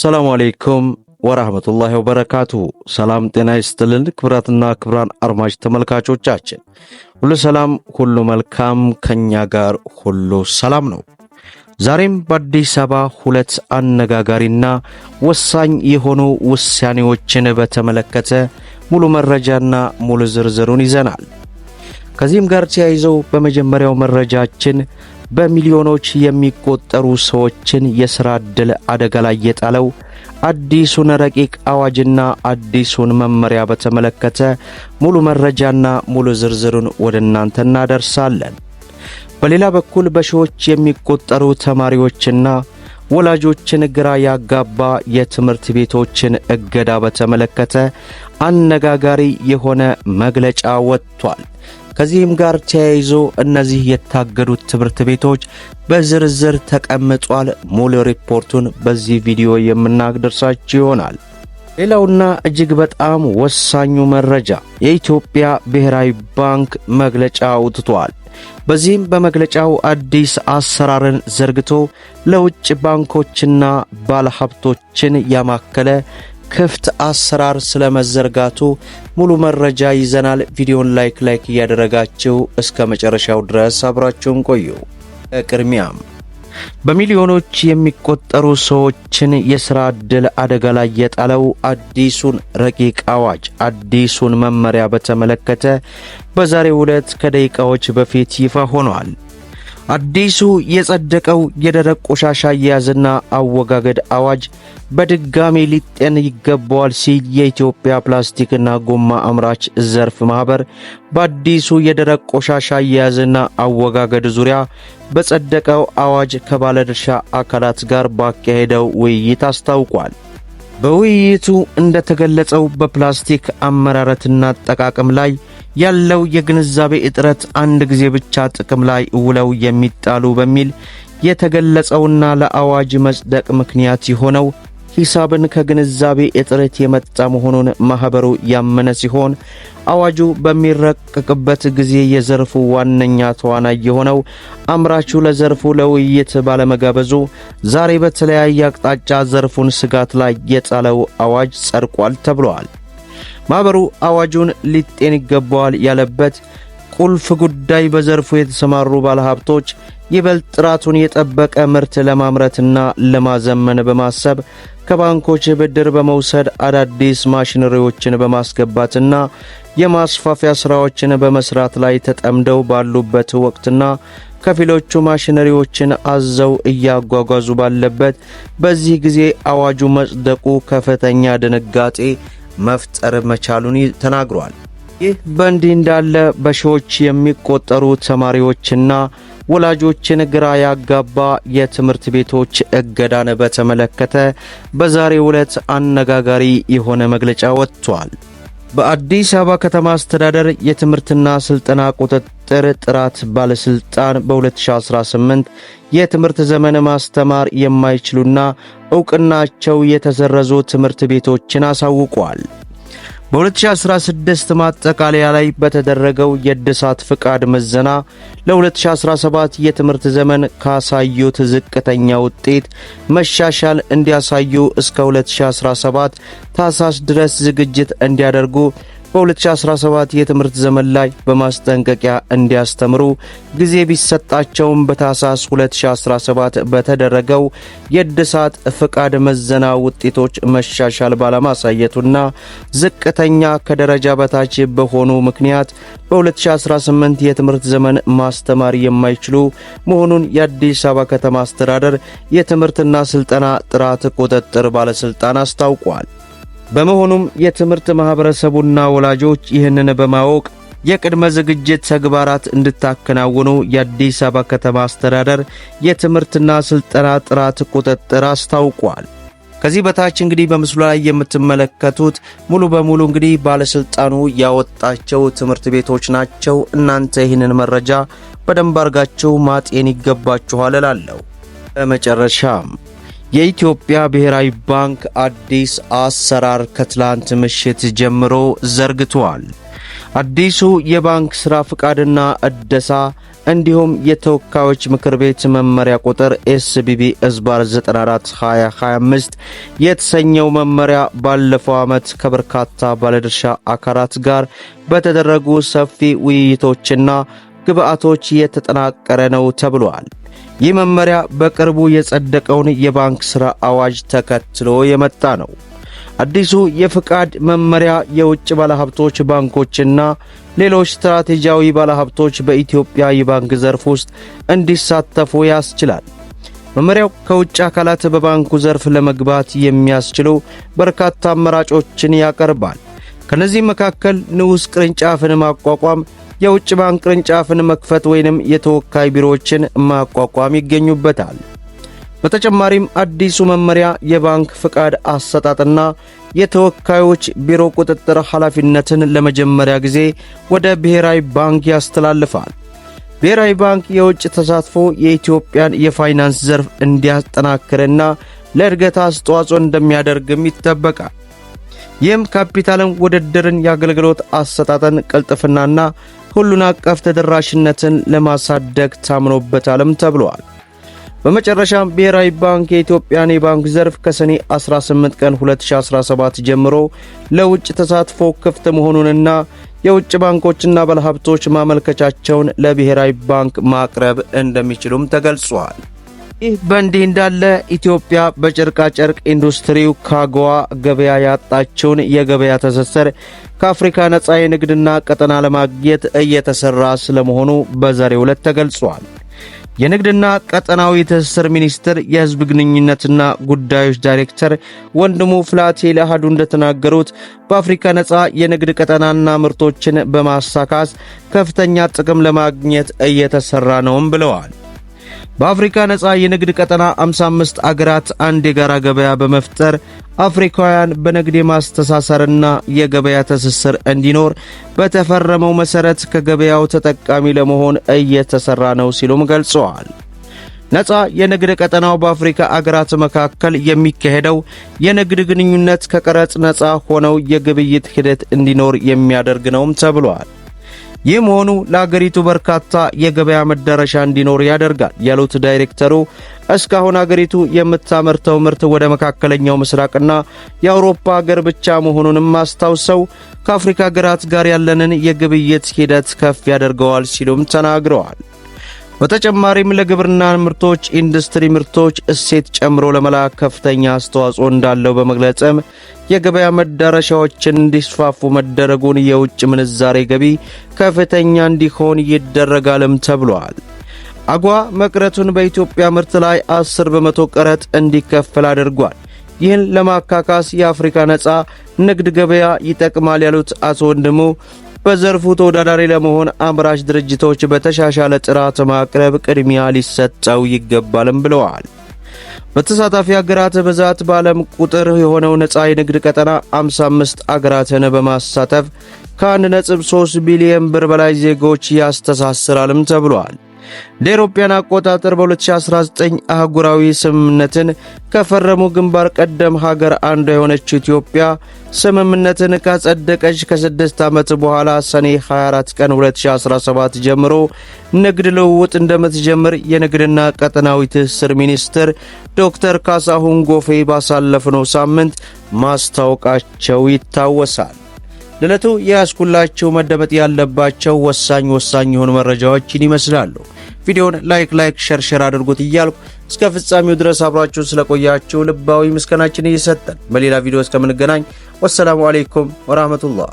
ሰላሙ አሌይኩም ወራህመቱላሂ ወበረካቱ ሰላም ጤና ይስጥልን ክብራትና ክብራን አድማጭ ተመልካቾቻችን ሁሉ ሰላም ሁሉ መልካም፣ ከኛ ጋር ሁሉ ሰላም ነው። ዛሬም በአዲስ አበባ ሁለት አነጋጋሪና ወሳኝ የሆኑ ውሳኔዎችን በተመለከተ ሙሉ መረጃና ሙሉ ዝርዝሩን ይዘናል። ከዚህም ጋር ተያይዘው በመጀመሪያው መረጃችን በሚሊዮኖች የሚቆጠሩ ሰዎችን የሥራ ዕድል አደጋ ላይ የጣለው አዲሱን ረቂቅ አዋጅና አዲሱን መመሪያ በተመለከተ ሙሉ መረጃና ሙሉ ዝርዝሩን ወደ እናንተ እናደርሳለን። በሌላ በኩል በሺዎች የሚቆጠሩ ተማሪዎችና ወላጆችን ግራ ያጋባ የትምህርት ቤቶችን እገዳ በተመለከተ አነጋጋሪ የሆነ መግለጫ ወጥቷል። ከዚህም ጋር ተያይዞ እነዚህ የታገዱት ትምህርት ቤቶች በዝርዝር ተቀምጧል። ሙሉ ሪፖርቱን በዚህ ቪዲዮ የምናደርሳችሁ ይሆናል። ሌላውና እጅግ በጣም ወሳኙ መረጃ የኢትዮጵያ ብሔራዊ ባንክ መግለጫ አውጥቷል። በዚህም በመግለጫው አዲስ አሰራርን ዘርግቶ ለውጭ ባንኮችና ባለሀብቶችን ያማከለ ክፍት አሰራር ስለመዘርጋቱ ሙሉ መረጃ ይዘናል። ቪዲዮን ላይክ ላይክ እያደረጋችሁ እስከ መጨረሻው ድረስ አብራችሁን ቆዩ። ቅድሚያም በሚሊዮኖች የሚቆጠሩ ሰዎችን የሥራ ዕድል አደጋ ላይ የጣለው አዲሱን ረቂቅ አዋጅ አዲሱን መመሪያ በተመለከተ በዛሬው ዕለት ከደቂቃዎች በፊት ይፋ ሆኗል። አዲሱ የጸደቀው የደረቅ ቆሻሻ አያያዝና አወጋገድ አዋጅ በድጋሜ ሊጤን ይገባዋል ሲል የኢትዮጵያ ፕላስቲክና ጎማ አምራች ዘርፍ ማኅበር በአዲሱ የደረቅ ቆሻሻ አያያዝና አወጋገድ ዙሪያ በጸደቀው አዋጅ ከባለድርሻ አካላት ጋር ባካሄደው ውይይት አስታውቋል። በውይይቱ እንደተገለጸው በፕላስቲክ አመራረትና አጠቃቀም ላይ ያለው የግንዛቤ እጥረት አንድ ጊዜ ብቻ ጥቅም ላይ ውለው የሚጣሉ በሚል የተገለጸውና ለአዋጅ መጽደቅ ምክንያት የሆነው ሂሳብን ከግንዛቤ እጥረት የመጣ መሆኑን ማኅበሩ ያመነ ሲሆን አዋጁ በሚረቀቅበት ጊዜ የዘርፉ ዋነኛ ተዋናይ የሆነው አምራቹ ለዘርፉ ለውይይት ባለመጋበዙ ዛሬ በተለያየ አቅጣጫ ዘርፉን ስጋት ላይ የጣለው አዋጅ ጸድቋል ተብሏል። ማህበሩ አዋጁን ሊጤን ይገባዋል ያለበት ቁልፍ ጉዳይ በዘርፉ የተሰማሩ ባለሀብቶች ይበልጥ ጥራቱን የጠበቀ ምርት ለማምረትና ለማዘመን በማሰብ ከባንኮች ብድር በመውሰድ አዳዲስ ማሽነሪዎችን በማስገባትና የማስፋፊያ ሥራዎችን በመሥራት ላይ ተጠምደው ባሉበት ወቅትና ከፊሎቹ ማሽነሪዎችን አዘው እያጓጓዙ ባለበት በዚህ ጊዜ አዋጁ መጽደቁ ከፍተኛ ድንጋጤ መፍጠር መቻሉን ተናግሯል። ይህ በእንዲህ እንዳለ በሺዎች የሚቆጠሩ ተማሪዎችና ወላጆችን ግራ ያጋባ የትምህርት ቤቶች እገዳን በተመለከተ በዛሬው ዕለት አነጋጋሪ የሆነ መግለጫ ወጥቷል። በአዲስ አበባ ከተማ አስተዳደር የትምህርትና ስልጠና ቁጥጥር ጥራት ባለስልጣን በ2018 የትምህርት ዘመን ማስተማር የማይችሉና ዕውቅናቸው የተሰረዙ ትምህርት ቤቶችን አሳውቋል። በ2016 ማጠቃለያ ላይ በተደረገው የእድሳት ፍቃድ ምዘና ለ2017 የትምህርት ዘመን ካሳዩት ዝቅተኛ ውጤት መሻሻል እንዲያሳዩ እስከ 2017 ታህሳስ ድረስ ዝግጅት እንዲያደርጉ በ2017 የትምህርት ዘመን ላይ በማስጠንቀቂያ እንዲያስተምሩ ጊዜ ቢሰጣቸውም በታህሳስ 2017 በተደረገው የእድሳት ፍቃድ መዘና ውጤቶች መሻሻል ባለማሳየቱና ዝቅተኛ ከደረጃ በታች በሆኑ ምክንያት በ2018 የትምህርት ዘመን ማስተማር የማይችሉ መሆኑን የአዲስ አበባ ከተማ አስተዳደር የትምህርትና ስልጠና ጥራት ቁጥጥር ባለስልጣን አስታውቋል። በመሆኑም የትምህርት ማኅበረሰቡና ወላጆች ይህንን በማወቅ የቅድመ ዝግጅት ተግባራት እንድታከናውኑ የአዲስ አበባ ከተማ አስተዳደር የትምህርትና ሥልጠና ጥራት ቁጥጥር አስታውቋል። ከዚህ በታች እንግዲህ በምስሉ ላይ የምትመለከቱት ሙሉ በሙሉ እንግዲህ ባለስልጣኑ ያወጣቸው ትምህርት ቤቶች ናቸው። እናንተ ይህንን መረጃ በደንብ አርጋችሁ ማጤን ይገባችኋል እላለሁ። በመጨረሻም የኢትዮጵያ ብሔራዊ ባንክ አዲስ አሰራር ከትላንት ምሽት ጀምሮ ዘርግቷል። አዲሱ የባንክ ሥራ ፍቃድና እደሳ እንዲሁም የተወካዮች ምክር ቤት መመሪያ ቁጥር ኤስቢቢ እዝባር 2025 የተሰኘው መመሪያ ባለፈው ዓመት ከበርካታ ባለድርሻ አካላት ጋር በተደረጉ ሰፊ ውይይቶችና ግብአቶች የተጠናቀረ ነው ተብሏል። ይህ መመሪያ በቅርቡ የጸደቀውን የባንክ ሥራ አዋጅ ተከትሎ የመጣ ነው። አዲሱ የፍቃድ መመሪያ የውጭ ባለሀብቶች ባንኮችና ሌሎች ስትራቴጂያዊ ባለሀብቶች በኢትዮጵያ የባንክ ዘርፍ ውስጥ እንዲሳተፉ ያስችላል። መመሪያው ከውጭ አካላት በባንኩ ዘርፍ ለመግባት የሚያስችሉ በርካታ አማራጮችን ያቀርባል። ከነዚህ መካከል ንዑስ ቅርንጫፍን ማቋቋም፣ የውጭ ባንክ ቅርንጫፍን መክፈት ወይንም የተወካይ ቢሮዎችን ማቋቋም ይገኙበታል። በተጨማሪም አዲሱ መመሪያ የባንክ ፍቃድ አሰጣጥና የተወካዮች ቢሮ ቁጥጥር ኃላፊነትን ለመጀመሪያ ጊዜ ወደ ብሔራዊ ባንክ ያስተላልፋል። ብሔራዊ ባንክ የውጭ ተሳትፎ የኢትዮጵያን የፋይናንስ ዘርፍ እንዲያጠናክርና ለእድገት አስተዋጽኦ እንደሚያደርግም ይጠበቃል። ይህም ካፒታልን፣ ውድድርን፣ የአገልግሎት አሰጣጠን ቅልጥፍናና ሁሉን አቀፍ ተደራሽነትን ለማሳደግ ታምኖበታልም ተብሏል። በመጨረሻም ብሔራዊ ባንክ የኢትዮጵያን የባንክ ዘርፍ ከሰኔ 18 ቀን 2017 ጀምሮ ለውጭ ተሳትፎ ክፍት መሆኑንና የውጭ ባንኮችና ባለሀብቶች ማመልከቻቸውን ለብሔራዊ ባንክ ማቅረብ እንደሚችሉም ተገልጿል። ይህ በእንዲህ እንዳለ ኢትዮጵያ በጨርቃጨርቅ ኢንዱስትሪው ከአጎዋ ገበያ ያጣችውን የገበያ ትስስር ከአፍሪካ ነፃ የንግድና ቀጠና ለማግኘት እየተሰራ ስለመሆኑ በዛሬው ዕለት ተገልጿል። የንግድና ቀጠናዊ ትስስር ሚኒስቴር የሕዝብ ግንኙነትና ጉዳዮች ዳይሬክተር ወንድሙ ፍላቴ ለአሃዱ እንደተናገሩት በአፍሪካ ነፃ የንግድ ቀጠናና ምርቶችን በማሳካት ከፍተኛ ጥቅም ለማግኘት እየተሰራ ነውም ብለዋል። በአፍሪካ ነፃ የንግድ ቀጠና 55 አገራት አንድ የጋራ ገበያ በመፍጠር አፍሪካውያን በንግድ የማስተሳሰርና የገበያ ትስስር እንዲኖር በተፈረመው መሠረት ከገበያው ተጠቃሚ ለመሆን እየተሠራ ነው ሲሉም ገልጸዋል። ነፃ የንግድ ቀጠናው በአፍሪካ አገራት መካከል የሚካሄደው የንግድ ግንኙነት ከቀረጽ ነፃ ሆነው የግብይት ሂደት እንዲኖር የሚያደርግ ነውም ተብሏል። ይህ መሆኑ ለአገሪቱ በርካታ የገበያ መዳረሻ እንዲኖር ያደርጋል ያሉት ዳይሬክተሩ እስካሁን አገሪቱ የምታመርተው ምርት ወደ መካከለኛው ምስራቅና የአውሮፓ ሀገር ብቻ መሆኑንም አስታውሰው ከአፍሪካ ሀገራት ጋር ያለንን የግብይት ሂደት ከፍ ያደርገዋል ሲሉም ተናግረዋል። በተጨማሪም ለግብርና ምርቶች፣ ኢንዱስትሪ ምርቶች እሴት ጨምሮ ለመላክ ከፍተኛ አስተዋጽኦ እንዳለው በመግለጽም የገበያ መዳረሻዎችን እንዲስፋፉ መደረጉን የውጭ ምንዛሬ ገቢ ከፍተኛ እንዲሆን ይደረጋልም ተብሏል። አጓ መቅረቱን በኢትዮጵያ ምርት ላይ 10 በመቶ ቀረጥ እንዲከፈል አድርጓል። ይህን ለማካካስ የአፍሪካ ነፃ ንግድ ገበያ ይጠቅማል ያሉት አቶ ወንድሙ በዘርፉ ተወዳዳሪ ለመሆን አምራች ድርጅቶች በተሻሻለ ጥራት ማቅረብ ቅድሚያ ሊሰጠው ይገባልም ብለዋል። በተሳታፊ ሀገራት ብዛት በዓለም ቁጥር የሆነው ነፃ የንግድ ቀጠና 55 አገራትን በማሳተፍ ከ1.3 ቢሊዮን ብር በላይ ዜጎች ያስተሳስራልም ተብሏል። እንደ ኢሮፓያን አቆጣጠር በ2019 አህጉራዊ ስምምነትን ከፈረሙ ግንባር ቀደም ሀገር አንዷ የሆነችው ኢትዮጵያ ስምምነትን ካጸደቀች ከስድስት ዓመት በኋላ ሰኔ 24 ቀን 2017 ጀምሮ ንግድ ልውውጥ እንደምትጀምር የንግድና ቀጠናዊ ትስስር ሚኒስትር ዶክተር ካሳሁን ጎፌ ባሳለፍነው ሳምንት ማስታወቃቸው ይታወሳል። ለዕለቱ የያዝኩላችሁ መደመጥ ያለባቸው ወሳኝ ወሳኝ የሆኑ መረጃዎችን ይመስላሉ። ቪዲዮውን ላይክ ላይክ ሸር ሸር አድርጉት እያልኩ እስከ ፍጻሜው ድረስ አብራችሁን ስለቆያችሁ ልባዊ ምስጋናችን እየሰጠን በሌላ ቪዲዮ እስከምንገናኝ ወሰላሙ አሌይኩም ወራህመቱላህ